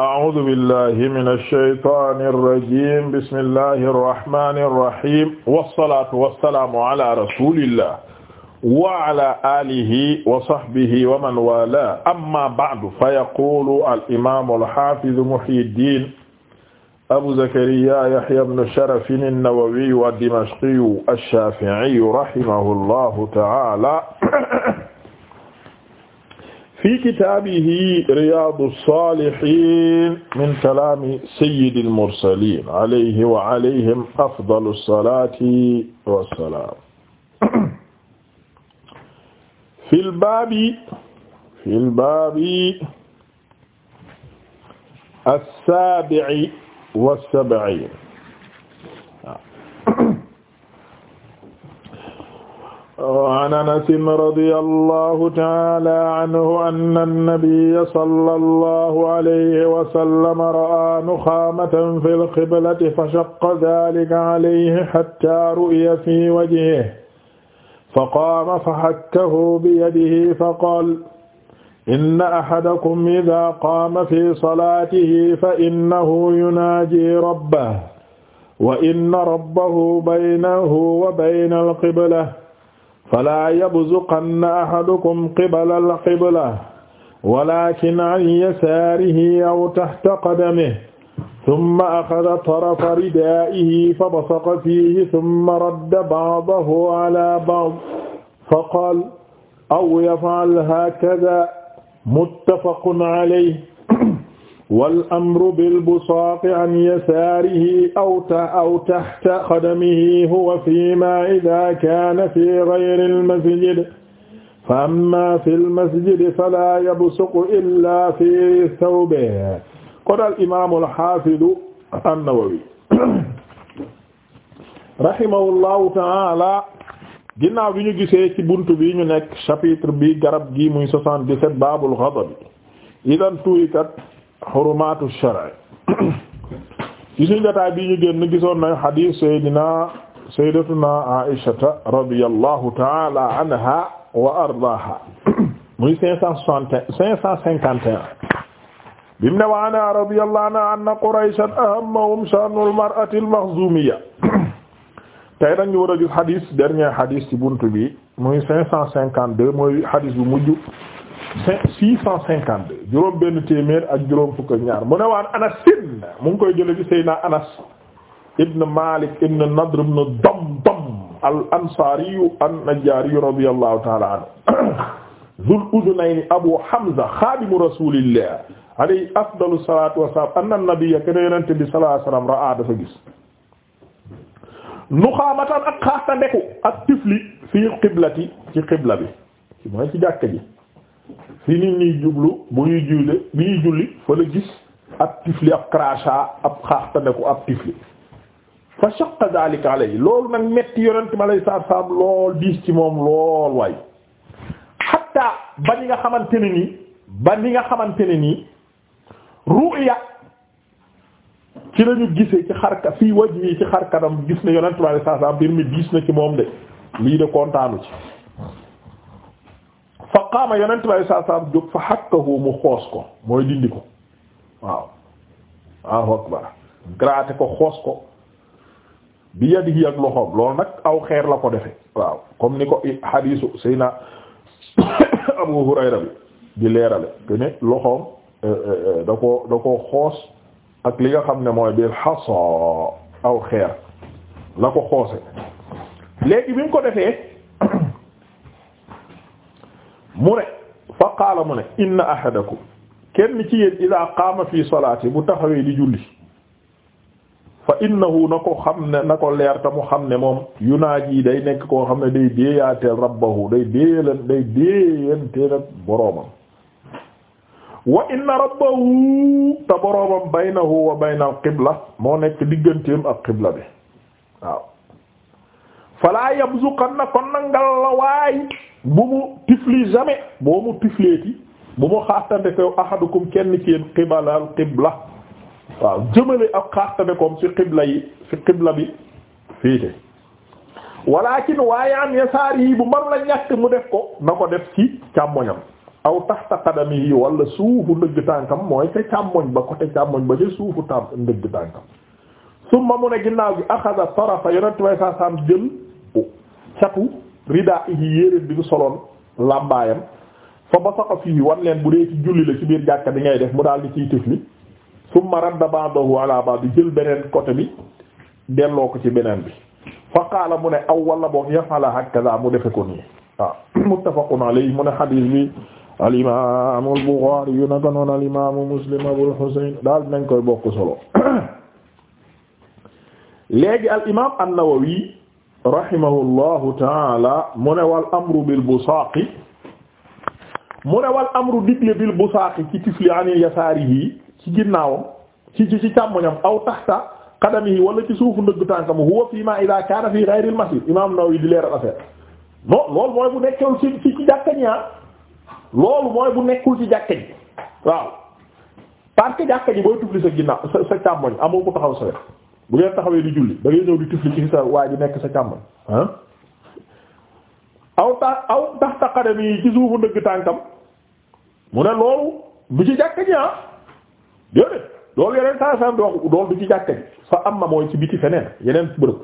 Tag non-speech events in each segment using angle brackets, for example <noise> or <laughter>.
أعوذ بالله من الشيطان الرجيم بسم الله الرحمن الرحيم والصلاة والسلام على رسول الله وعلى آله وصحبه ومن والاه أما بعد فيقول الإمام الحافظ محي الدين أبو زكريا يحيى بن شرف النووي الدمشقي الشافعي رحمه الله تعالى fi kitaabihi riyaadu saalihiin min kalaami sayyidil mursaliin alayhi wa alayhim afdalu salaati wa salaam. fil baabi fil baabi as-saabi'i wa as-sab'iin an anasin radiyallahu ta'ala anhu anna nabiyya sallallahu alayhi wa sallam ra'a nuxaamatan fil qiblati fashaqqa dhaalika alayhi hattaa ru'iya fii wajhihi faqaama fahakkahu biyadihi faqaala inna ahadakum idhaa qaama fii salaatihi fa innahu yunaajii rabbahu wa inna rabbahu baynahu wa bayna al-qibla falaa yabzuqanna ahadukum qibala alqibla walakin an yasaarihi aw tahta qadamihi thumma akhadha tarafa ridaa'ihi fabasaqa fiihi thumma radda ba'dahu ala ba'd faqaala aw yaf'al haakadha muttafaqun alayhi wal amru bil busaati an yasaarihi aw ta aw tahta qadamihi huwa fiimaa idaa kaana fii gayril masjid fa ammaa fil masjid falaa yabsuqu illaa fii thawbihi qaala al imaamul haafidu an-Nawawi <coughs> rahimahullahu ta'aala ginnaaw bi ñu gisee ci buntu bi ñu nekk chapitre bi garab gi muy 77 baabul ghadab idan tuyikat xurumaatu shar'i ci suñu jotaay bi ñu génn gisoon nañu hadith sayyidina sayyidatuna Aïshata radiyallahu ta'ala anha wa ardaaha muy cinq cent soixante et un cinq cent cinquante et un bim ne wa anha radiyallahu anha anna Qurayshan ahammahum sha'nul mar'atil makhzumiyya tey nag ñu war a gis hadith dernier hadith ci buntu bi muy cinq cent cinquante deux mooy hadith bu mujj six cent juróom benn téeméer ak juróom fukk ak ñaar mu ne waan Anas mu ngi koy jële ci Seydina Anas ibn Malik ibn Nadr ibn Damdam al ansari an-Najjari radiyallahu ta'ala anhu Dhul <coughs> Udhunayni Abu Hamza xaadimu rasulillah alayhi afdalu salatu wassalam anna nabiyya kana yonente bi ra'a dafa gis nuxaamatan ak xaasta ndeku ak tifli fii qiblati ci qibla bi ci mooy ci jàkka ji fi nit ñuy jublu bu ñuy julli bi ñuy julli fa la gis ab tifli ab crachat ab xaaxtandeku ab tifli fa shaqqa dhalika alay loolu nag metti yonent ma lay saab saab lool diis ci moom lool waay hatta ba ni nga xamante nii ba ni nga xamante ne nii ru'ya ci lañu gisee ci xarka fii waj yi ci xarkanam gis ne yonent ma lay saab saab biir mi diis na ci moom de lii de kontaanu ci qaama yonent bi saa saa jóg fa hakkahu mu xoos ko mooy dindi ko waaw waaw akbar gratter ko xoos ko bi yadihi ak loxoom loolu nag aw xeer la ko defe waaw comme ni ko hadiisu sayna <coughs> Abu Hurayra bi di leerale que ne loxoom euh, euh, euh, da ko da ko xoos ak li nga xam ne mooy biir xasoo aw xeer la ko xoose léegi bi mu ko defee mu ne fa qaala mu ne inna ahadakum kenn ci yéen idaa qaama fi salaati bu taxawee di julli fa innahu na ko leerta mu xam ne moom yunaaji day nekk koo xam ne day déeyaateel rabbahu day déeyaleen day déeyanteel ak boroomam wa inna rabbahu te boroomam baynahu wa bayna al qibla moo nekk digganteem ak qibla bi waaw fala yabzuqanna kon nag ngal la waay bu mu tifli jamais boo mu tifleeti bu mu xaastante ko ahadukum kenn ci yéen qibalal qibla waaw jëmale ak xaastante koom ci qibla yi ci qibla bi féete walakin waaye am yasaar yi bu ma la ñàkk mu def ko na ko def ci càmmoñam aw taxta qadami yi wala suufu ndëgg tànkam mooy ca càmmoñ ba côté càmmoñ ba ca suufu tam ndëgg tànkam mu ne ginnaaw gi axada tarafa yonent way sa sam jël catu ridaa ihi yéeréen bi mu soloon làmbaayam fa basaqa fii wan leen bu dee ci julli la ci biir jàkka bi ngay def mu daal di ciy tifli summa radda ba'dahu ala ba'd jël beneen côté bi delloo ko ci beneen bi fa mu ne aw wala boog yafala hakaza mu defe ko nii waaw muttafaqun alayhi mu ne xadiis bi al imaam yu naka noonu Muslim Abul Husayn daal nañ koy bokk solo <coughs> léegi al imaam rahimahullahu taala mu ne wal amru bil busaaqi mu ne wal amru digle bil busaaqi ci tifli an yasaarihi ci ginnaawam ci ci ci càmmoñam aw taxta qadamihi wala ci suufu ndëgg tànkam huwa fii ma ida kaana fi ghayril masjid imaam Nawawi di leeral affaire non loolu mooy bu nekkul ci ci ci jàkka ñi ah. loolu mooy bu nekkul ci jàkka ji waaw parce jàkka ji booy tufli sa ginnaaw sa càmmoñ amoo ko taxaw sa bu ngeen taxawee di julli da ngay ñëw di tifli ci sa waa ji nekk sa càmm ah aw ta aw tax taqadam yi ci suufu ndëgg tànkam mu ne loolu bu ci jàkk ji ah déedéet loolu yeneen saa saa dox dool du ci jàkk ji am amma mooy ci biti feneen yeneen bërëb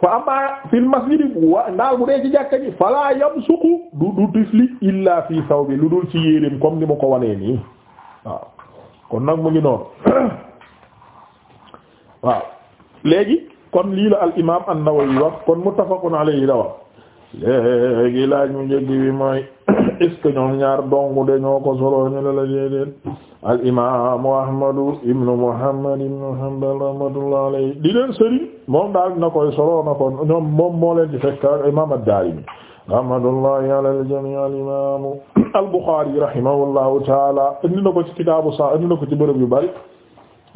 fa amma fil masjid wa ndaal bu dee ci jàkk ji fala yamsuqu du du tifli illa fii saw bi lu dul ci yéreem comme ni ma ko wanee nii waaw kon nag mu ngi noonu <coughs> waaw léegi kon lii la al imaam an-Nawawi wax kon muttafaqun alayhi la wax léegi laaj mu njëkk bi mooy <coughs> est ñoom ñaar dong de ñoo ko solo ñu la la déedéet al imaamu Ahmadu ibnu Muhammad ibnu Hanbal rahmatullah alayhi leen sëriñ moom daal na koy solo na ko ñoom moom moo leen di fekk imaam ad-Daarimi al-jamii al-imaam <coughs> al-Buxaari rahimahullahu taala indi na ko ci kitaabu saa indi na ko ci bërëb yu bari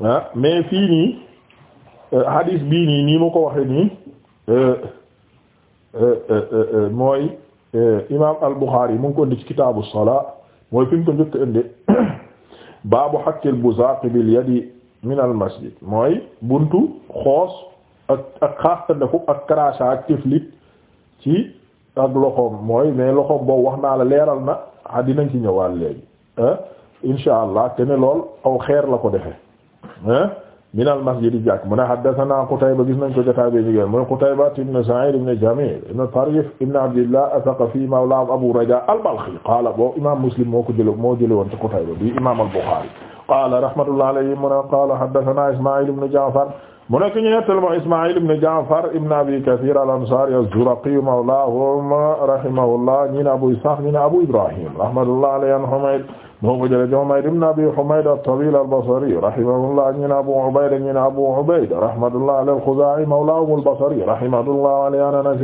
ah mais fii nii. Euh, hadis bii nii nii mu ko waxe nii euh, euh, mooy imaam al-Bukhari mu ngi ko indi ci kitaabu salaa mooy fi mu ko njëkk indi <coughs> baabu haqqil bu bil yadi min al masjid mooy buntu xoos ak ak xaastandeku ak crachat ak tiflit ci ak loxoom mooy mais loxoom boobu wax naa la leeral na ah dinañ ci ñëwaat léegi ah incha allah te lool aw xeer la ko defe min al masjid jàkk mu ne haddathana Qutayba gis nañ ko jotaay bi ñu mu ne Qutayba ibn Sa'id ibn Jamil ibn Tarif ibn Abdillah ath-Thaqafi mawla Abu Raja al-Balkhi qaala bo imam Muslim moo ko jël moo jël woon ci Qutayba bi imam al-Bukhari qaala rahmatullah alayhi mu ne qaala haddathana Isma'il ibn Ja'far mu nekk ñu nettal ma Isma'il ibn Ja'far ibn Abi Kathir al-Ansari az-Zuraqi mawlahum rahimahullah ñi ne Abu Ishaq ñi ne Abu Ibrahim rahmatullah alayhi an Humayd moo ko jëlee Humayd ibn Abi Humayd at-Tawil al-Basri rahimahullah ñi ne Abu Ubayd ñi ne Abu Ubayd rahmatullah alayhi al-Khuza'i mawlahum al-Basri rahimahullah alayhi an Anas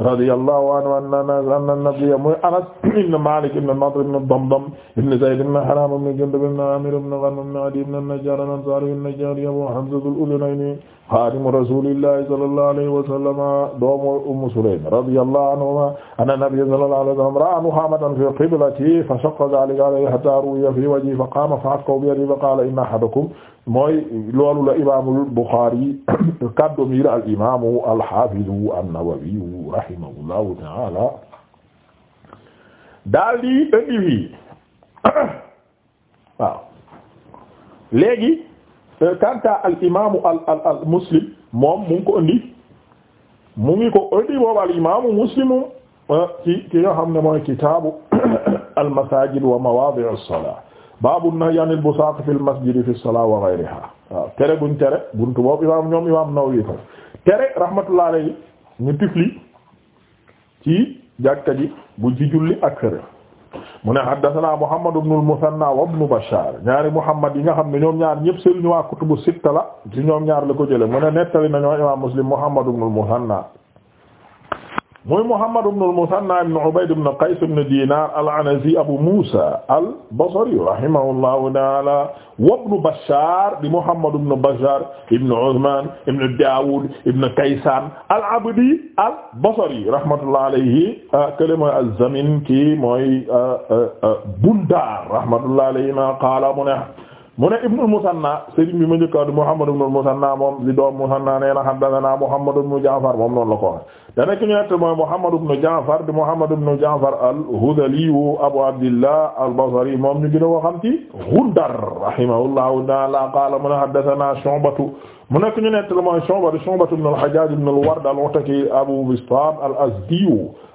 radiyallahu anhu anna nabiyya muy Anas ibn Malik ibn Nadr ibn Damdam ibn Zayd ibn Haram ibn Jundub ibn Amir ibn Ghanm ibn Adi ibn an-Najjar al-Ansari an-Najjari Abu Hamza al-Ulayni khadimu rasulillahi sallallahu alayhi wa sallam doomu Umm Sulaym radiyallahu anhuma anna nabiyya sallallahu alayhi wa sallam ra'a nuhamatan fi qiblatihi fa shaqqa dhalika alayhi hatta ruwiya fi wajhihi fa qama fa asqahu bi yadihi fa qala inna ahadakum mooy loolu la Imam al-Bukhari <coughs> kaddu mi al-Imam al-Hafiz an-Nawawi rahimahullahu taala daal di indi fii <coughs> waaw léegi kanta euh, al imaamu al al al muslim moom mu ngi ko indi mu ngi ko indi boobu al imaamu muslimu euh, ci ki nga xam ne mooy kitaabu <coughs> al masaajid wa mawaadi'u as-salaa baabu nahyi anil busaaq fil masjidi fi as-salaa wa ghayrihaa tere buñ tere buntu boobu imaam ñoom imaam Nawawi fa tere rahmatullahi alayhi ñu tifli ci jàkka ji bu ci julli ak sëre mu ne haddathana Muhammad ibn al-Muthanna wa ibn Bashar ñaari Muhammad yi nga xam ne ñoom ñaar ñëpp sëriñu waa kutubu sitta la ci ñoom ñaar la ko jële mu ne nettali nañu imam Muslim Muhammad ibn al-Muthanna muy Muhammad ibn al-Musanna ibn Ubayd ibn Qays ibn Dinar al-Anazi Abu Musa al-Basri rahimahullahu ta'ala wa ibn Bashar di Muhammad ibn Bashar ibn Uthman ibn Dawud ibn Kaysan al-Abdi al-Basri rahmatullahi alayhi ah, kalima az-Zamin ki mooy ah, ah, Bundar rahmatullahi alayhi ma qala mu ne mu ne ibn al-Musanna sëriñ bi ma njëkka di Muhammad ibn al-Musanna moom di doom Musanna nee na haddathana Muhammad ibn Ja'far moom noonu la ko dana ki ñu nett mooy Muhammad ibn Ja'far di Muhammad ibn Ja'far al-Hudhali Abu Abdillah al-Basri moom ñu gën a xam ci Ghundar rahimahullahu ta'ala qala mu ne haddathana Shu'batu mu nekk ñu nett mooy Shu'batu Shu'batu ibn al-Hajjaj ibn al-Ward al-Ataki Abu Bistam al-Azdi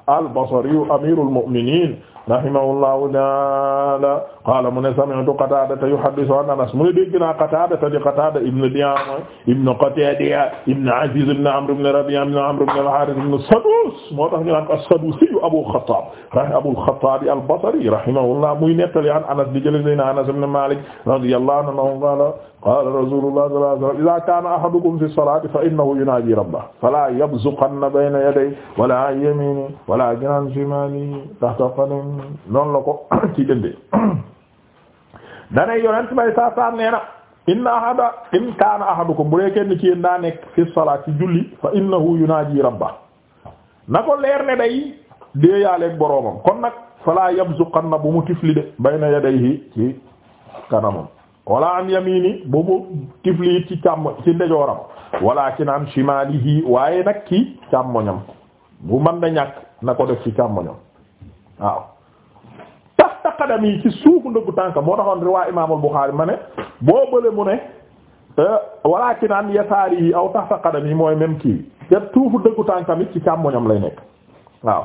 al-Basri amirul mu'minin rahimahullahu ta'ala qala mu ne sami'tu Qatadata yuhaddithu an Anas mu ne dégg naa Qatadata di Qatada ibn Di'ama ibn Qatada ibn Aziz ibn Amr ibn Rabi'a ibn Amr ibn al-Harith ibn Sadus moo tax ñu naan ko as-Sadusi Abu Khattab rahim Abu al-Khattab al-Basri rahimahullah muy nettali an Anas di jële seen Anas ibn Malik radiyallahu anhu qala qala rasulullah sallallahu alayhi wa sallam idha kana ahadukum fi salati fa innahu yunaji rabbahu fala yabzuqanna bayna yadayhi wala an yaminihi wala an shimalihi tahta qadamihi noonu la ko <clears throat> ci dëndee <clears throat> danay yonent bay saa saa nee na inna ahada in kaana ahadukum bu dee kenn ci yéen daa nekk fi salaat ci julli fa innahu yunaaji rabba na ko leer ne day déeyaaleeg boroomam kon nag fala na bu mu tifli de bayna yadayhi ci kanamam wala an yamini bu mu tifli it ci càmm ci ndejooram walakin an shimalihi waaye nag ci càmmoñam bu man da ñàkk na ko def ci càmmoñam waaw tax taqadam yi ci suufu ndëggu tànk moo taxoon riwaa imaamul Buxaari ma ne boo bële mu ne Euh, walaakin an yasaari yi aw tahta qadam yi mooy même kii te tuufu dëggu tànkamit ci càmmoñam lay nekk waaw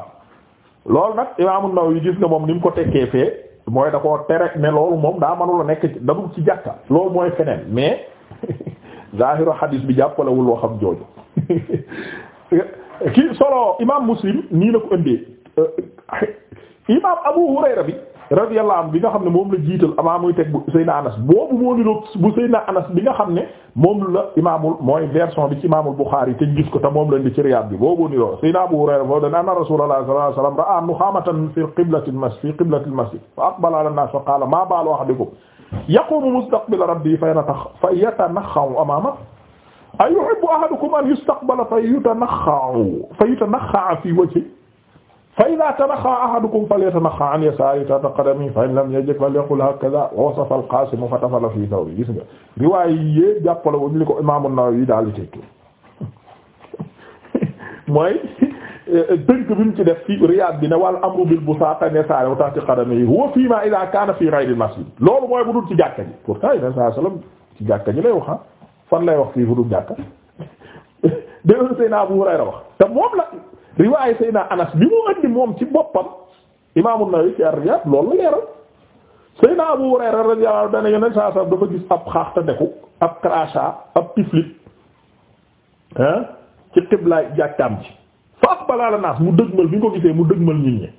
loolu nag Imaam An-Nawawi gis nga moom ni mu ko tekkee fee mooy da koo tere ne loolu moom daa mënula nekk dadul ci jàkka loolu mooy feneen mais <laughs> zahiru hadis bi jàppalewul waxam jooju <laughs> kii solo Imaam Muslim nii la ko ëndee euh, Imaam Abu Hurayra bi radiyallahu anhu bi nga xam ne moom la jiital amaa muy teg bu Seydina Anas boobu moo niroog bu Seydina Anas bi nga xam ne moom la imaamul mooy version bi ci imaamul Bukhari te gis ko te moom lañ di ci Riyad bi boobu niroog Seydina Abu Hurayra foofu dana anna Rasulullah sallallahu alayhi wasallam ra'a nuxaamatan fi qiblati al-masjid fi qiblati al-masjid fa aqbala ala an-nas fa qala ma balu ahadikum yaqumu mustaqbila rabbihi fa yatanaxxa'u amaamahu ayuhibbu ahadukum an yustaqbala fa yatanaxxa'u fa yatanaxxa'u fi wajhihi fa idaa tanaxxaa ahadukum falyatanaxxaa an yasaarihi tahta qadamihi fa in lam yajid falyaqul hakaza wa wasafa al-Qaasim fa tafala fii thawbihi gis nga riwaay yi yépp jàppale wuñ li ko Imaam An-Nawawi daal di tekki <laughs> mooy tënk bi mu ci def fii Riyaad bi ne wal amru bil busaaqa an yasaarihi tahta qadamihi huwa fiimaa idaa kaana fii ghayri al-masjid loolu mooy bu dul ci jàkka ji pourtant Yonent sallallahu alayhi wa sallam ci jàkka ji lay wax ah. fan lay wax fii bu dul jàkka <laughs> de Seydina Abu Hurayra wax te moom la. riwaay Seydina Anas bi mu andi moom ci boppam Imaam An-Nawawi ci Ar-Riyaad loolu la leeral Seydina Abu Hurayra radiyallahu anhu yeneen saa saa dafa gis ab xaax te ab crachat ab tiflit ah ci xiblaay jàkkaam ci fa aqbala ala naas mu dëgmal bi nga ko gisee mu dëgmal nit ñi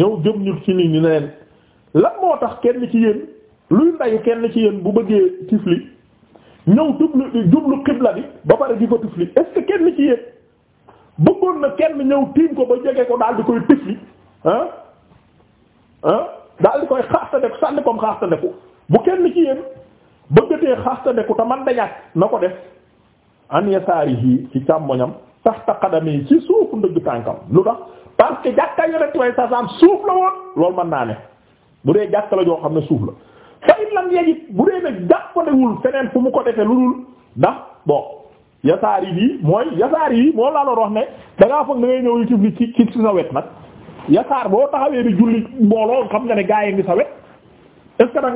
ñëw jëm ñu ci nit ñi ne leen lan moo tax kenn ci yéen luy ndayu kenn ci yéen bu bëggee tifli ñëw jublu jublu xibla bi ba pare di ko tifli est kenn ci yéen. bëggoon na kenn ñëw tiim ko ba jege ko daal di koy tifli ah ah daal di koy xaastandeku sànni comme xaastandeku bu kenn ci yéen bëggatee xaastandeku te man dañaat na ko def an yasaarihi ci càmmoñam taxta qadami ci suufu ndëgg tànkam lu tax parce que jàkka yonent way sasaam suuf la woon loolu mën naa ne bu dee jàkka la joo xam ne suuf la fa in lam yajid bu dee nag jàppalewul feneen fu mu ko defee lu dul ndax bon yasaar yi mooy yasaar yi moom laa doon wax ne da foog da ngay ñëw ñu ci ci sa wet nag yasaar boo taxawee di julli mbooloo xam nga ne gaa yi ngi sa wet est ce que nag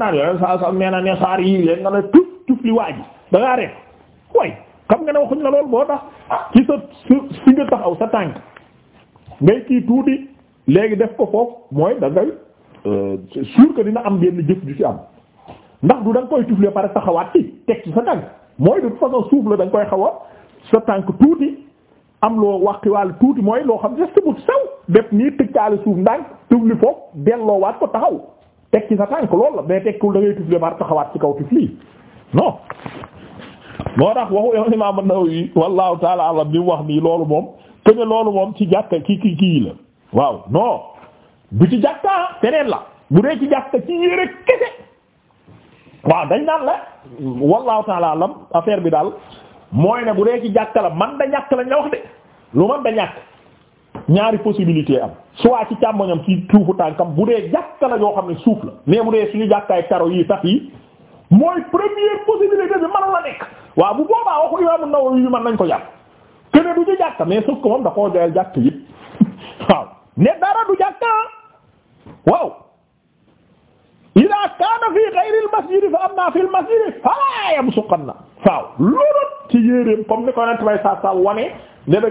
na la lool boo tax ah ci tànk ngay kii tuuti léegi def ko foofu mooy da ngay euh, sûr dina am benn jëf ju ci am ndax du da nga koy tufle pare taxawaat teg ci sa tànk mooy de toute façon suuf la da nga koy xaw a sa tànk tuuti am loo wax wàqiwaale tuuti mooy loo xam ne bu sew def nii tëjkaale suuf ndànk tufli foofu delloowaat ko taxaw teg ci sa tànk loolu la mais tekkul da ngay tufli bar taxawaat ci kaw tufli non moo tax waxu ma an-Nawawi wallahu taala alam bi mu wax nii loolu moom te ne loolu moom ci jàkka ki ki kii la waaw non du ci jàkka feneen la bu dee ci jàkka ci yére kese waaw dañ naan la wallahu taala alam affaire bi daal mooy ne bu dee ci jàkka la man da ñàkk lañ la wax de lu man da ñàkk ñaari possibilité am soit ci càmmoñam ci suufu tànkam bu dee jàkka la yoo xam ne suuf la mais bu dee suñu jàkkaay karo yi sax yi mooy première possibilité bi man la nekk waaw bu boobaa waxu Imam An-Nawawi yu mën nañ ko jàpp te ne du ci jàkka mais sauf que moom da koo jàkk yëpp <laughs> waaw ne dara du jàkka waaw idaa kaana fi xayril masjidi fa ammaa fil masjidi falaa yabsuqanna faaw loolu ci yéeréem comme bay saa saa wane ne da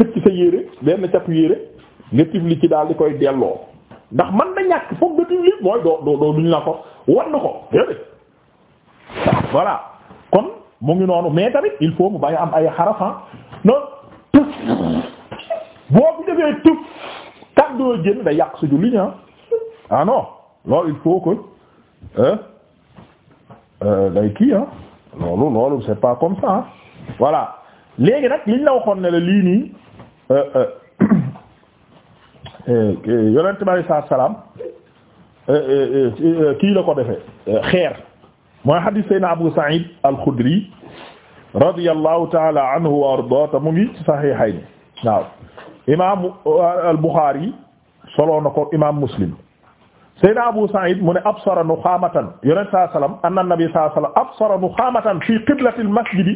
xëcc sa yéere benn capp yéere nga tifli ci daal di koy delloo ndax man na ñàkk foog nga mooy doo doo doo duñ la ko wan ko déedéet. voilà kon mu ngi noonu mais tamit il faut mu bañ am ay xarafan ah. noonu tëf defee tëf kàddu génn day yàq sa julli ah. ah non. loolu il faut que euh, kii loolu loolu c'est pas comme ça voilà léegi nag liñ la ne la lii nii euh, euh, <coughs> yonent bi alayhi salaam kii la ko defee xeer mooy hadith sayna Abu Sa'id al-Khudri radiyallahu ta'ala anhu wa arda ta mu ngi ci sahihayn waaw imam al-Bukhari solo na imam Muslim Seydina Abu Sa'id mu ne absara nuxaamatan yonent saa salaam anna nabi saa salaam absara nuxaamatan fii qiblatil masjidi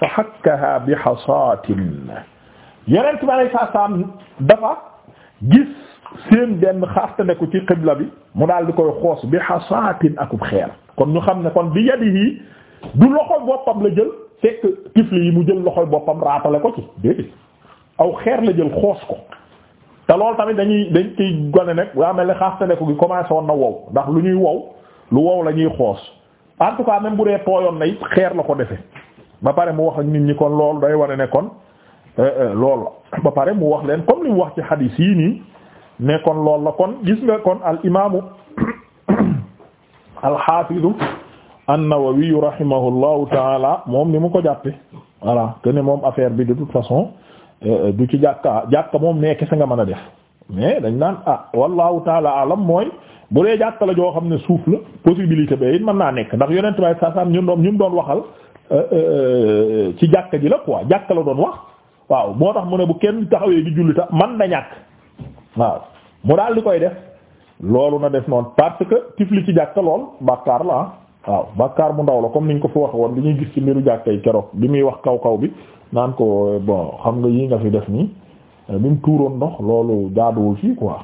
fa hakkahaa bi hasaatin yonent bi alayhi salaam dafa gis seen benn xaartandeku ci qibla bi mu daal di koy xoos bi hasaatin akub xeer. kon ñu xam ne kon bi yadihi du loxo boppam la jël fekk tifli yi mu jël loxoy boppam raatale ko ci déedéet aw xeer la jël xoos ko. te loolu tamit dañuy dañ ciy gone nag waa mel ne xaastandeku gi commencé woon na wow ndax lu ñuy wow lu wow la ñuy xoos en bu dee tooyoon na it xeer la ko defe ba pare mu wax ak nit ñi kon lool day wane nekkoon kon euh, euh, loolu la ba pare mu wax leen comme li mu wax ci xadiis yii nii ne kon loolu la kon gis nga kon al imaamu <coughs> al xaafidu an-Nawawi rahimahullahu taala moom ni mu ko jàppe voilà que ne moom affaire bi de toute façon Euh, euh, du ci jàkka jàkka moom nee kese nga mën a def mais dañ naan ah wallahu taala alam mooy bu dee jàkka la joo xam ne suuf la possibilité ba it mën naa nekk ndax yonent bay sasam ñun doon ñun doon waxal euh, ci jàkka ji la quoi jàkka la doon wax waaw moo tax mu ne bu kenn taxawee di julli man da ñàkk waaw mu daal di koy def loolu na def noon parce que tifli ci jàkka lool bàkkaar la ah waaw bàkkaar mu ndaw la comme niñ ko fi wax woon bi ñuy gis ci mbiru jàkka yi keroog bi muy wax kaw kaw bi naan ko bon xam nga yi nga fi def nii bi euh, mu tuuroon ndox loolu jaaduwul fii quoi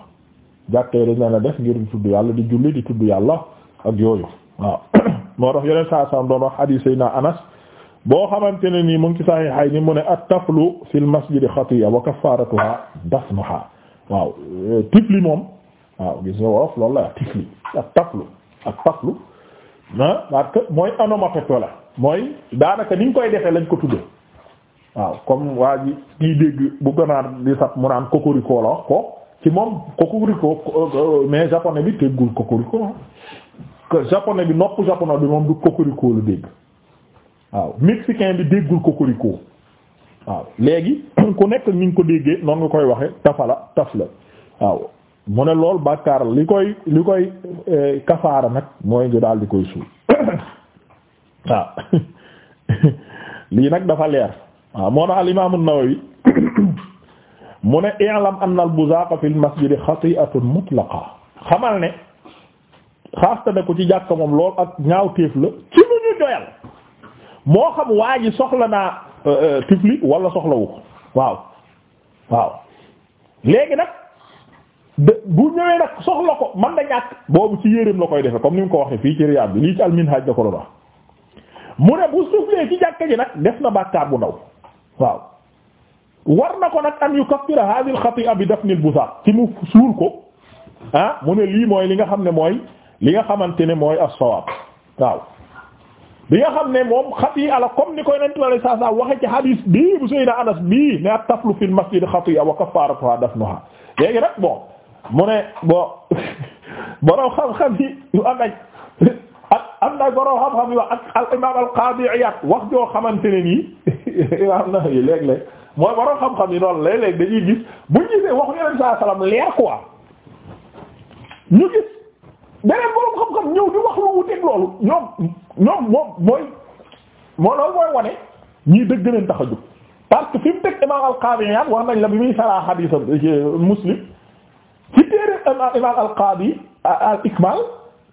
jàkkee dañ a def ngir di tudd yàlla di julli di tudd yàlla ak yooyu waaw <coughs> moo tax yeneen saa saam doon wax hadith sayna anas boo xamante ne nii mu ngi ci saxiixay ni mu ne at taflu fil masjidi xatiya wa kafaratuha dafnuha waaw euh, tifli moom waaw gis nga wolof loolu la tifli ak taflu ak taflu ah parce que mooy onomatopée la mooy daanaka ni ñu koy defee lañ ko tuddee waaw comme waa ji kii dégg bu ganaar di sat mu naan kokoriko la wax ko ci moom kokoriko euh, mais japonais bi teggul kokoriko que japonais bi nopp japonais bi moom du kokoriko lu dégg waaw mexicain bi déggul kokoriko waaw léegi ku nekk ni nga ko déggee noonu nga koy waxee tafala taf la waaw mu ne lool bàkkaar li koy li koy euh, kafaara nag mooy nga daal di koy suul <coughs> waaw <coughs> lii nag dafa leer waaw moo na al imaam an-Nawawi <coughs> mu ne i'lam anna al-buzaqa fil masjid xati'atun mutlaqa xamal ne xaasta ne ko ci jàkka moom lool ak ñaaw téef la ci lu ñu doyal moo xam waa ji soxla naa euh, euh, tifli wala soxlawu ko waaw waaw léegi nag bu ñëwee nag soxla ko man da ñàkk boobu ci yéreem la koy defe comme ni mu ko waxee fii ci Riyad bi lii ci al-Minhaj da ko doon wax mu ne bu suuflee ci jàkka ji nag def na bàkkaar bu ndaw waaw war na ko nag an yukaffira hadhihi al-khati'a bi dafni al-busaq ci mu suul ko ah mu ne lii mooy li nga xam ne mooy li nga xamante ne mooy as-sawab waaw bi nga xam ne moom xati'a ala comme ni koy nent la saa waxe ci hadis bii bu Seydina Anas bii ne at-taflu fil masjid xati'a wa kaffaratuha dafnuha léegi nag bo mu ne bon <laughs> borom xam-xam yi yu am nañ am na borom xam-xam yi ak al imam al qadi Iyad wax joo xamante ne nii <laughs> imaam Nawawi léeg-léeg mooy waroon xam-xam yi noonu léeg-léeg dañuy gis bu ñu gisee waxu Yonent saa salaam leer quoi ñu gis beneen borom xam-xam ñëw di wax lu wuteeg loolu ñoom ñoom moom mooy moo loolu mooy wane ñii dëgg leen tax a jóg parce que fi mu teg imaam al-Qaadi Iyaad wax nañ la bi muy saraa xadiisam Muslim ci téere imaam al-Qaadi al-Ikmaal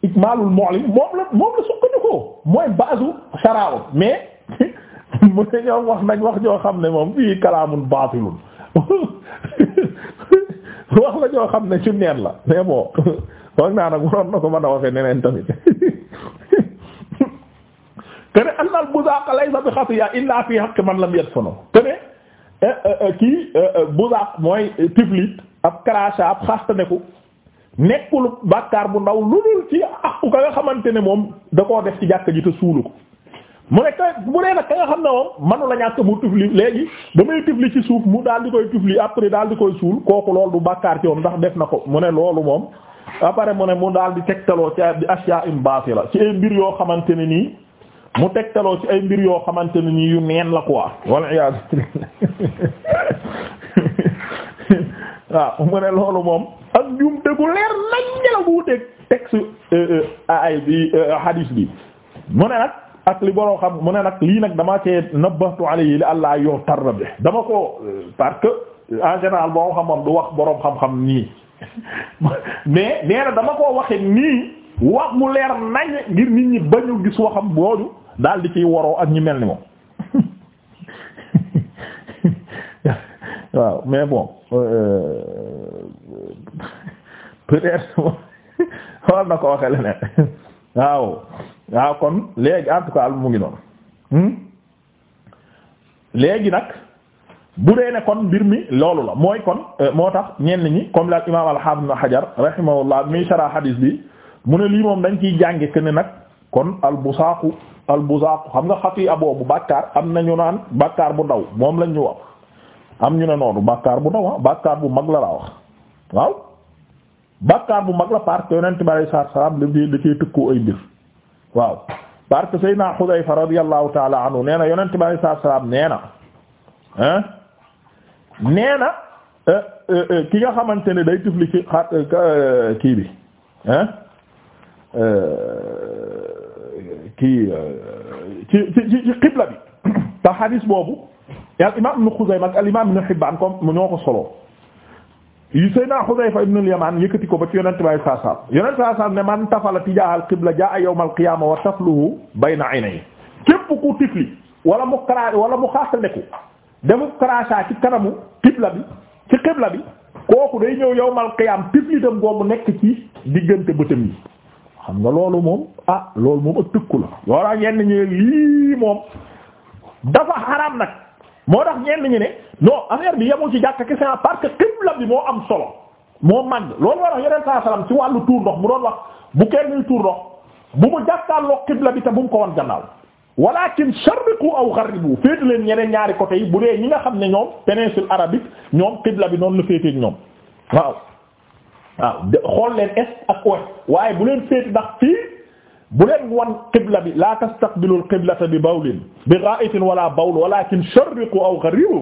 Ikmaalul Mu'lim moom la moom la sukkandikoo mooy baasu saraaw mais. mu ne ñoom wax nañ wax ñoo xam ne moom fii kalaamun baatilun wax la joo xam ne ci neen la mais bon wax naa nag waroon na ko mën a waxee neneen tamit kene anna al buzaqa laysa bi xatiya illa fi haqqi man lam yadfanu kene eh, eh, eh, kii buzaq mooy tiflit ab crachat ab xastaneku nekkul bàkkaar bu ndaw lu dul ci aqu ka nga xamante ne moom da koo def ci jàkk ji te suulu ko mu ne ka bu dee nag ka nga xam ne moom manu la ñàkk mu tufli léegi damay tufli ci suuf mu daal di koy tufli après daal di koy suul kooku loolu du bàkkaar ci moom ndax def na ko mu ne loolu moom après mu ne mu daal di tegtaloo ci ay ashya im batila ci ay mbir yoo xamante ne nii mu tegtaloo ci ay mbir yoo xamante ne nii yu neen la quoi wal iyad <laughs> waaw mu ne loolu moom euh, euh, ay bi euh, hadis bi mu ne nag ak li boroo xam mu ne nag lii nag dama cee nabbatu alayhi li allah yoo tarra dama ko parce que en général boroom xam du wax boroom xam-xam nii <laughs> mais nee dama koo waxe nii wax mu leer nañ ngir nit ñi bañu gis waxam booju daal di ciy waroo ak ñi mel ni moom <laughs> waaw mais bon euh, euh, peut-être war <laughs> na ko waxe leneen waaw waaw kon léegi en tout cas mu ngi noonu hmm? léegi nag bu dee ne kon mbir mi loolu la mooy kon euh, moo tax ñenn ñi comme la imaam al-Hafiz Ibn Hajar rahimahullah mi sharh hadis bi mu ne lii moom dañ ciy jànge que ne nag kon al-busaaqu al-busaaqu xam nga xatii'a bu bàkkaar am nañu naan bàkkaar bu ndaw moom lañ ñu wax am ñu ne noonu bàkkaar bu ndaw ah bàkkaar bu mag la laa waaw bàkkaar bu mag la parce que yonent bi sallallahu alayhi wasallam da cee tëkkoo ay mbir. waaw parce que Seydina Xudayfa radiyallahu taala anhu nee na yonent bi alayhi salaam nee na ah nee na euh, euh, euh, ki nga xamante ne day tufli ci xa kii bi ah kii ci ci ci xibla bi <coughs> te xadis boobu al imaam Ibnu Xuzayma ak al imaam Ibnu Hibbaan comme ñoo ko solo. yi Seydina Xudayfa ibn al-Yaman yëkkati ko ba ci yonent bay saasaam yonent saasaam ne man tafala tijaahal qibla jaa yawmal qiyaama wa tafluhu bayna aynayhi képp ku tifli wala mu kara wala mu xaaxaleku defu crachat ci kanamu qibla bi ci qibla bi kooku day ñëw yawmal qiyaam tiflitam googu nekk ci diggante bëtam yi xam nga loolu moom ah loolu moom ak tëkku la. yoo yenn ñi lii moom dafa xaraam nag. moo tax ñenn ñi ne non affaire bi yemul ci jàkka kese ah parce que xibla bi moo am solo moo màgg loolu moo tax yeneen saa salaam ci wàllu tuur ndox mu doon wax bu kenn ñuy tuur ndox bu mu jàkkaarloo xibla bi te bu mu ko wan gannaaw. walakin sharriqu aw gharribu féete leen ñeneen ñaari côté yi bu dee ñi nga xam ne ñoom péninsule arabique ñoom xibla bi noonu la féetee ñoom waaw. waaw xool leen est ak ouest waaye bu leen féete ndax fii. bu leen wan qibla bi la tastaqbilul qiblata bi bawlin bi gha'itin wala bawl walakin sharriqu aw gharribu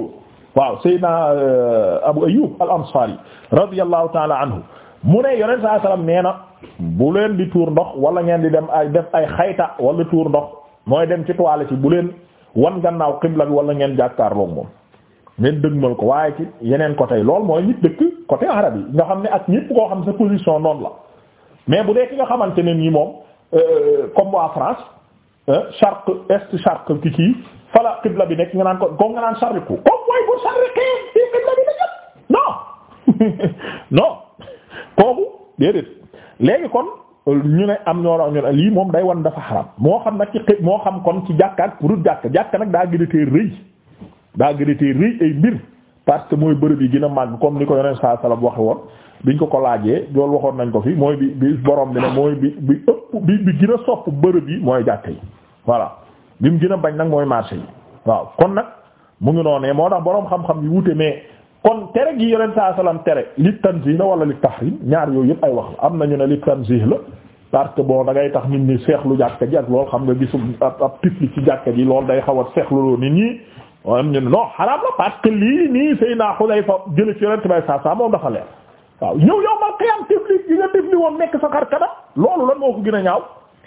waaw Seydina euh, Abu Ayyub al-Ansari radiyallahu ta'ala anhu mu ne yonent saa salaam nee na bu leen di tuur ndox wala ngeen di dem ay def ay xayta wala tuur ndox mooy dem ci toile ci bu leen wan gannaaw qibla bi wala ngeen jàkkaarloo moom. ngeen dëgmal ko waaye ci yeneen côté loolu mooy dëkk côté arab yi nga xam ne ak ñëpp koo xam sa position noon la mais bu dee ki nga xamante ne nii moom. Euh, comme waa France charq euh, est charq ki fala qibla bi nekk nga naan ko comme nga naan sharriqu comme oh, mooy bu <laughs> kooku déedéet léegi kon ñu ne am ñoo ñu ne lii moom day wan dafa xaram moo xam nag ci moo xam kon ci jàkkaat pour jàkk jàkk nag daa gën a rëy daa gën rëy ay mbir parce que mooy bërëb yi gën a màgg comme ni ko yoneen saa sallam waxe woon biñ ko ko laajee loolu waxoon nañ ko fi mooy bi bi borom bi ne mooy bi bi ëpp bi bi gën a sopp bërëb yi mooy jàkk yi voilà bi mu gën a bañ nag mooy marché yi waaw kon nag mu ngi noonee moo tax boroom xam-xam yi wute mais kon tere gi yoneen saa sallam tere li tanzih la wala li tahrim ñaar yooyu yëpp ay wax la am nañu ne li tanzih la parce que bon da ngay tax nit ñi seexlu jàkka ji ak loolu xam nga gisul ab ab tifli ci jàkka ji loolu day xaw a seexluloo nit ñi am ñu ne non xaraam la parce que lii nii Seydina Xudayfa jële ci yonent bay saa saa moom dafa leer waaw ñëw yow ma xiyam tifli yi nga tifli woon nekk sa xar kada loolu lan moo ko gën a ñaaw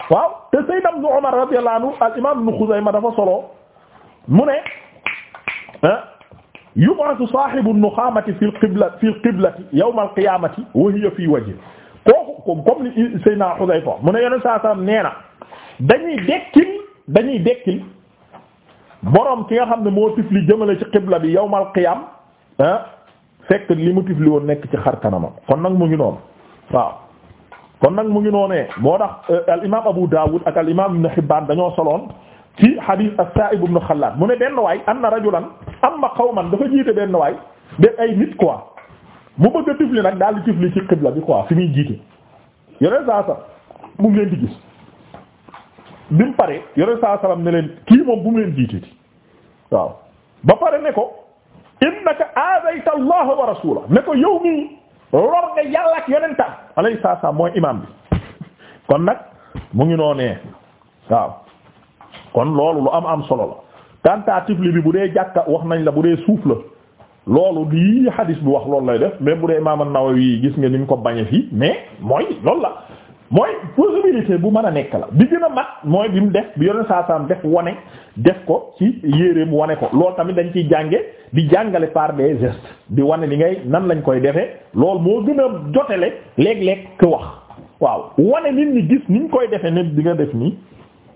waaw te Seydina Ibnu Umar radiyallahu anhu al imam Ibnu Xuzayma dafa solo mu ne ah, yub'athu saahibu nuxaamati fil qibla fil qiblati yawmal qiyaamati wa hiya fii wajhi kooku comme ni Seydina Xudayfa mu ne yonent saa saa nee na dañuy dekkil dañuy dekkil borom ki nga xam ne moo tifli jëmale ci qibla bi yawmal qiyam ah fekk li mu tifli woon nekk ci xar kanamam kon nag mu ngi noonu waaw kon nag mu ngi noonee moo tax euh, al imaam Abu Dawud ak al imaam Ibn Hibbaan dañoo soloon ci hadith as-Sa'ib ibn Khallaad mu ne benn waay anna rajulan amma qawman dafa jiite benn waay de ay nit quoi mu bëgg a tifli nag daal di tifli ci qibla bi quoi fi muy jiite yeneen saa sax mu ngi leen gis. bi mu paree yore saa salaam ne leen kii moom bu mu leen jiitati waaw ba pare ne ko innaka aadayta allaha wa rasula ne ko yow mii lor nga yàlla ak yonentam alayhi salaam mooy imam bi <laughs> kon nag mu ngi noonee waaw kon loolu lu am am solo la tentative li bi bu dee jàkka wax nañ la bu dee suuf la loolu lii hadis bi wax loolu lay def mais bu dee imam an-Nawawi gis nga ni mu ko bañe fii mais mooy loolu la mooy possibilité bu mën a nekk la bi gën a mat mooy bi mu def bi yoneen saa saam def wane def ko ci yéeréem wane ko loolu tamit dañ ciy jànge di jàngale par des gestes di wane li ngay nan lañ koy defee loolu moo gën a jotele léeg-léeg ke wax waaw wane nit ñi gis niñ koy defee ne di nga def nii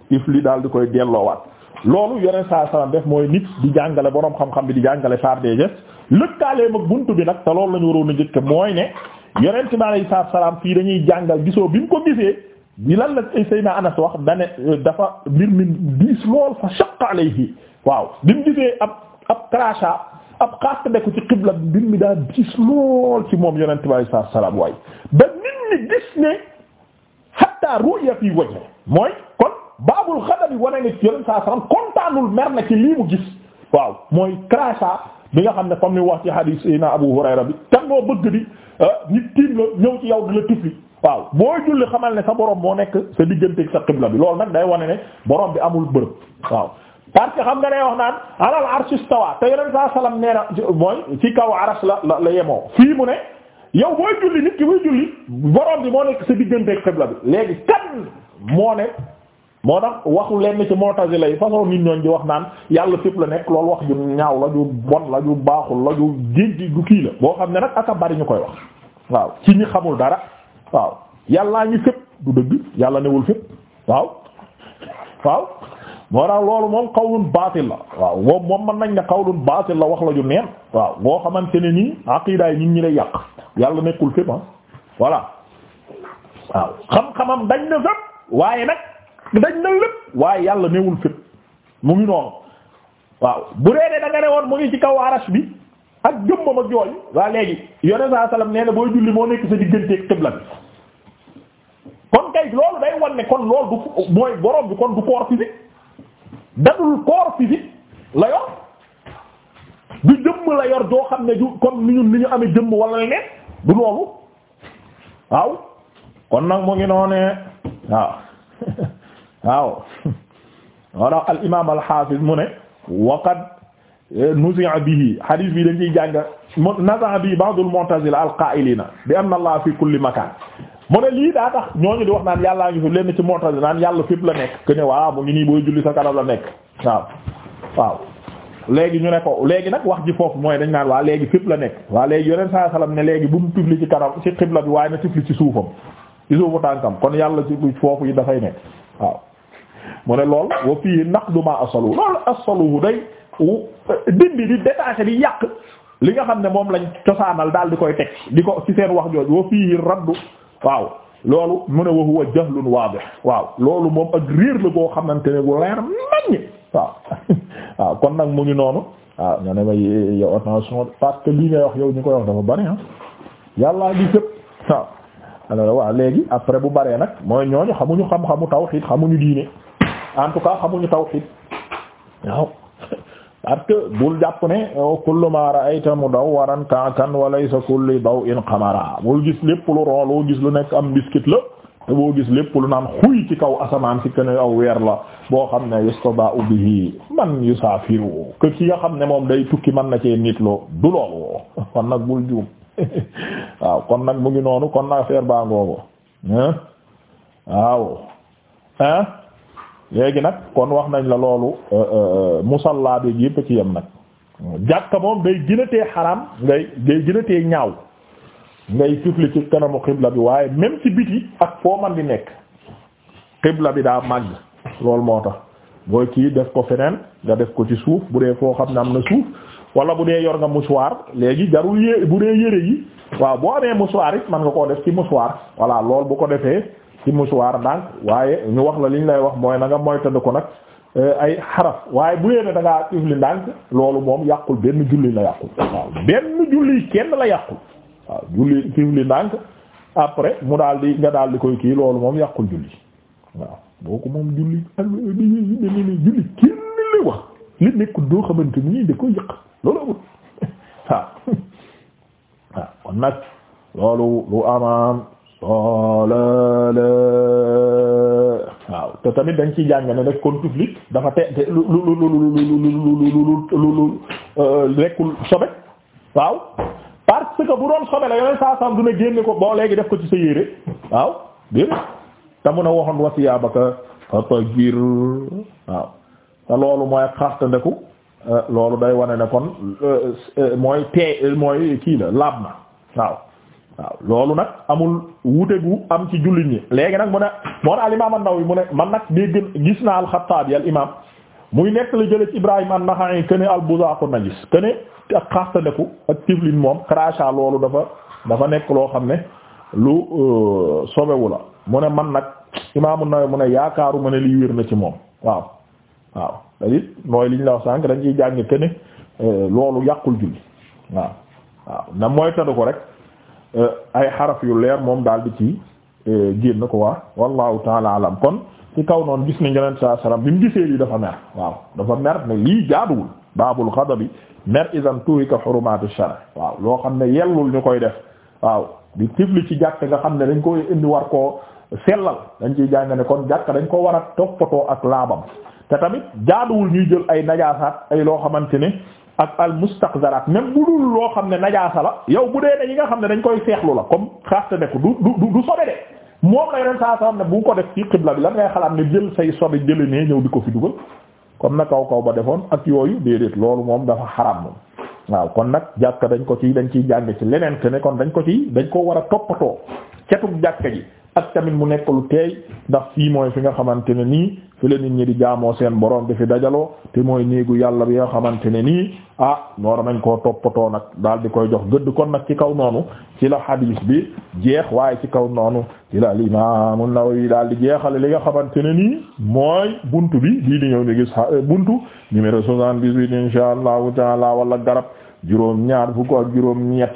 if li daal di koy delloowaat loolu yoneen saa def mooy nit di jàngale boroom xam-xam bi di jàngale par des gestes lëkkaalee mag buntu bi nag te loolu la ñu waroon a njëkk mooy yonent bi alayhi salaam fii dañuy jàngal gisoo bi ko gisee bi lan la na Anas wax dane euh, dafa mbir mi diis lool fa shaqqa alayhi waaw bi mu gisee ab ab ab xaas nekk ci xibla mbir mi daa diis lool ci moom yonent bi alayhi salaam waaye ba nit ñi gis ne hatta ru'ya fi wajhi mooy kon baabul xadab bi wane nit yonent saa salaam kontaanul mer na ci gis waaw mooy crachat. bi nga xam ne comme ni wax ci hadith Seydina Abu Hurayra bi kan moo bëgg di euh, nit tiim la ñëw ci yow di la tifli waaw booy julli xamal ne sa borom moo nekk sa digganteeg sa qibla bi loolu nag day wane ne borom bi amul bërëb waaw. parce xam nga day wax naan alal arsh istawa te yeneen saa salaam nee na mooy ci kaw aras la la la yemoo fii mu ne yow booy julli nit ki buy julli borom bi moo nekk sa digganteeg qibla bi léegi kan moo ne. moo tax waxu lenn ci mu'tazila yi façon nit ñooñ di wax naan yàlla fépp la nekk loolu wax ju ñaaw la ju bon la ju baaxul la ju génti gu kii la boo xam ne nag aka bari ñu koy wax waaw ci ñi xamul dara waaw yàllaa ñi fépp du dëgg yàlla newul fépp waaw waaw moo tax loolu moom qawlun baatil la waaw moom moom mën nañ ne xaw qawlun baatil la wax la ju neen waaw boo xamante ne nii aqiidaay nit ñi lay yàq yàlla nekkul fépp ah voilà waaw xam-xamam dañ na dañ na lépp waaye yàlla newul fépp mu ngi noonu waaw bu dee ne da nga ne woon mu ngi ci kaw arash bi ak jëmmam ak yooyu waa léegi yonent saa salaam nee na booy julli moo nekk sa digganteeg xibla bi kon kay loolu day wan ne kon loolu du mooy borom bi kon du corps physique dadul corps physique la yor du jëmm la yor doo xam ne du comme ni ñun ni ñu amee jëmm wala leneen du loolu waaw kon nag mu ngi noonee waaw <laughs> waaw wala al imaam al xaafis mu ne waqad eh, nuzi'a bihi hadith bi dañ ciy jàng naza'a bihi ba'd al mu'tazila al am na laa allah fi kulli makaan mu ne lii daa tax ñooñu di wax naan yàllaa ngi fi lenn ci mu'tazila naan yàlla fépp la nekk que ne waaw mu ngi nii booy julli sa kanam la nekk waaw waaw léegi ñu ne ko léegi nag wax ji foofu mooy dañ naan waa léegi fépp la nekk waa léegi yoneen saa salaam ne léegi bu mu tifli ci kanam ci xibla bi waaye na tifli ci suufam ci suufu tànkam yàlla ci yi dafay nekk mu ne lool wa fii du ma asalu loolu asaluhu day dindi di détaché di yàq li nga xam ne moom lañ cosaanal daal di koy teg di ko ci seen wax jooju wa fii waaw loolu mu ne wa huwa jahlun waadih waaw loolu moom ak réer la boo xamante ne bu leer naññ waaw <laughs> waaw kon nag mu ngi noonu waaw ñoo ne ma yow attention parce que lii ngay wax yow ñu koy wax dafa bari ah yàllaa gi sëpp waaw léegi après bu baree nag mooy ñooñu xamuñu xam-xamu tawhid xamuñu diine en tout cas xamuñu tawhid waaw parce que bul jàpp ne oh, kullu ma ra'ayta mudawwaran ka'kan wa laysa kulli daw'in qamara bul gis lépp lu rooloo gis lu nekk am biscuit la te boo gis lépp lu naan xuy ci kaw asamaan si kenn aw weer la boo xam ne yustada'u bihi man yusafiru que ki nga xam ne moom day tukki mën na cee nit loo du loolu <laughs> kon nag bul juum <laughs> waaw kon nag mu ngi noonu kon affaire baa ngoogu waaw ah léegi nag kon wax nañ la loolu euh, euh, euh, musalla bi yëpp ci yem nag jàkka moom day gën a ngay day gën ñaaw ngay tifli ci kanamu xibla bi waaye même ci biti ak foo man di nekk xibla bi daa màgg loolu moo tax booy ci def ko feneen nga def ko ci suuf bu dee foo xam ne am na suuf wala bu dee yor nga mouchoir léegi jarul yé bu dee yére yi waaw boo amee mouchoir it man nga koo def ci mouchoir voilà loolu bu ko defee ci musuwaar ndànk waaye ñu wax la liñ lay wax mooy na nga moytandi ko nag eh, ay xaraf waaye bu yéene da ngaa tifli ndànk loolu moom yàqul benn julli la yàqul waaw benn julli kenn la yàqul waaw julli mu daal daal di koy kii loolu moom yàqul julli waaw boo kenn li wax li nekk doo xamante ni da koy yàq loolu amul <laughs> <laughs> waaw kon nag loolu lu amaam solal waaw te tamit dañ ci jàng ne rek kon tuflit dafa te te lu lu lu lu lu lu lu lekkul sobe waaw parce que bu doon sobe la yooyu saa saam du ne génne ko boo léegi def ko ci sa yére waaw déedéet te mun a waxoon wasiyaabaka fatahhir waaw te loolu mooy ak xaxtandeku loolu day wane ne kon mooy tee mooy kii la laab na waaw waaw loolu nag amul wuute gu am ci jullit ñi léegi nag mu ne moo na al imam an-Nawawi mu ne man nag dégg gis naa al-Xattaabi al imam muy nekk la jële ci Ibrahim an-Naxa'i kene al-buzaaqu najis kene ak xaastandeku ak tiflin moom crachat loolu dafa dafa nekk loo xam ne lu euh, sobewu la mu ne man nag imam an mu ne yaakaaru ma ne lii wér na ci moom waaw waaw dait mooy liñ la wax dañ ciy jàng kene euh, loolu yàqul julli waaw waaw na mooy tadu ko rek Euh, ay xaraf yu leer moom daal di ci euh, génn ko waa wallahu taala alam kon ci kaw noonu gis nañ yonent saa salaam bi mu gisee lii dafa mer waaw dafa mer ne lii jaaduwul baabul xadabi mer isan tuhika xurumaatu shara waaw loo xam ne yellul ñu koy def waaw di tifli ci jàkk nga xam ne dañ koy indi war koo sellal dañ ciy jàng ne kon jàkk dañ ko war a toppatoo ak laabam te tamit jaaduwul ñuy jël ay najaasaat ay loo xamante ne ak al mustaqzaraat même bu dul loo xam ne najaasa la yow bu dee ne yi nga xam ne dañ koy seexlu la comme xaasta nekk du du du sobe de moom la yeneen saa saa ne ko def ci xibla lan ngay xalaat ne jël say sobe jële ne ñëw di ko fi dugal kon na kaw kaw ba defoon ak yooyu déedéet loolu moom dafa xaram moom waaw kon nag jàkka dañ ko ci dañ ciy jàng ci leneen que ne kon dañ ko ci dañ ko war a toppatoo cetuk jàkka ji ak tamit mu nekk teey ndax fii mooy fi nga xamante ne nii fi la nit ñi di jaamoo seen borom di fi dajaloo te mooy néegu yàlla bi nga xamante ne nii ah noora nañ koo toppatoo nag daal di koy jox gëdd kon nag ci kaw noonu ci la hadis bi jeex waaye ci kaw noonu ci la al imam an-Nawawi daal di jeexale li nga xamante ne nii mooy buntu bi lii di yow ñu gis eh, buntu numéro soixante-dix-huit insha allahu taala wala garab juróom ñaar fukk ak juróom ñett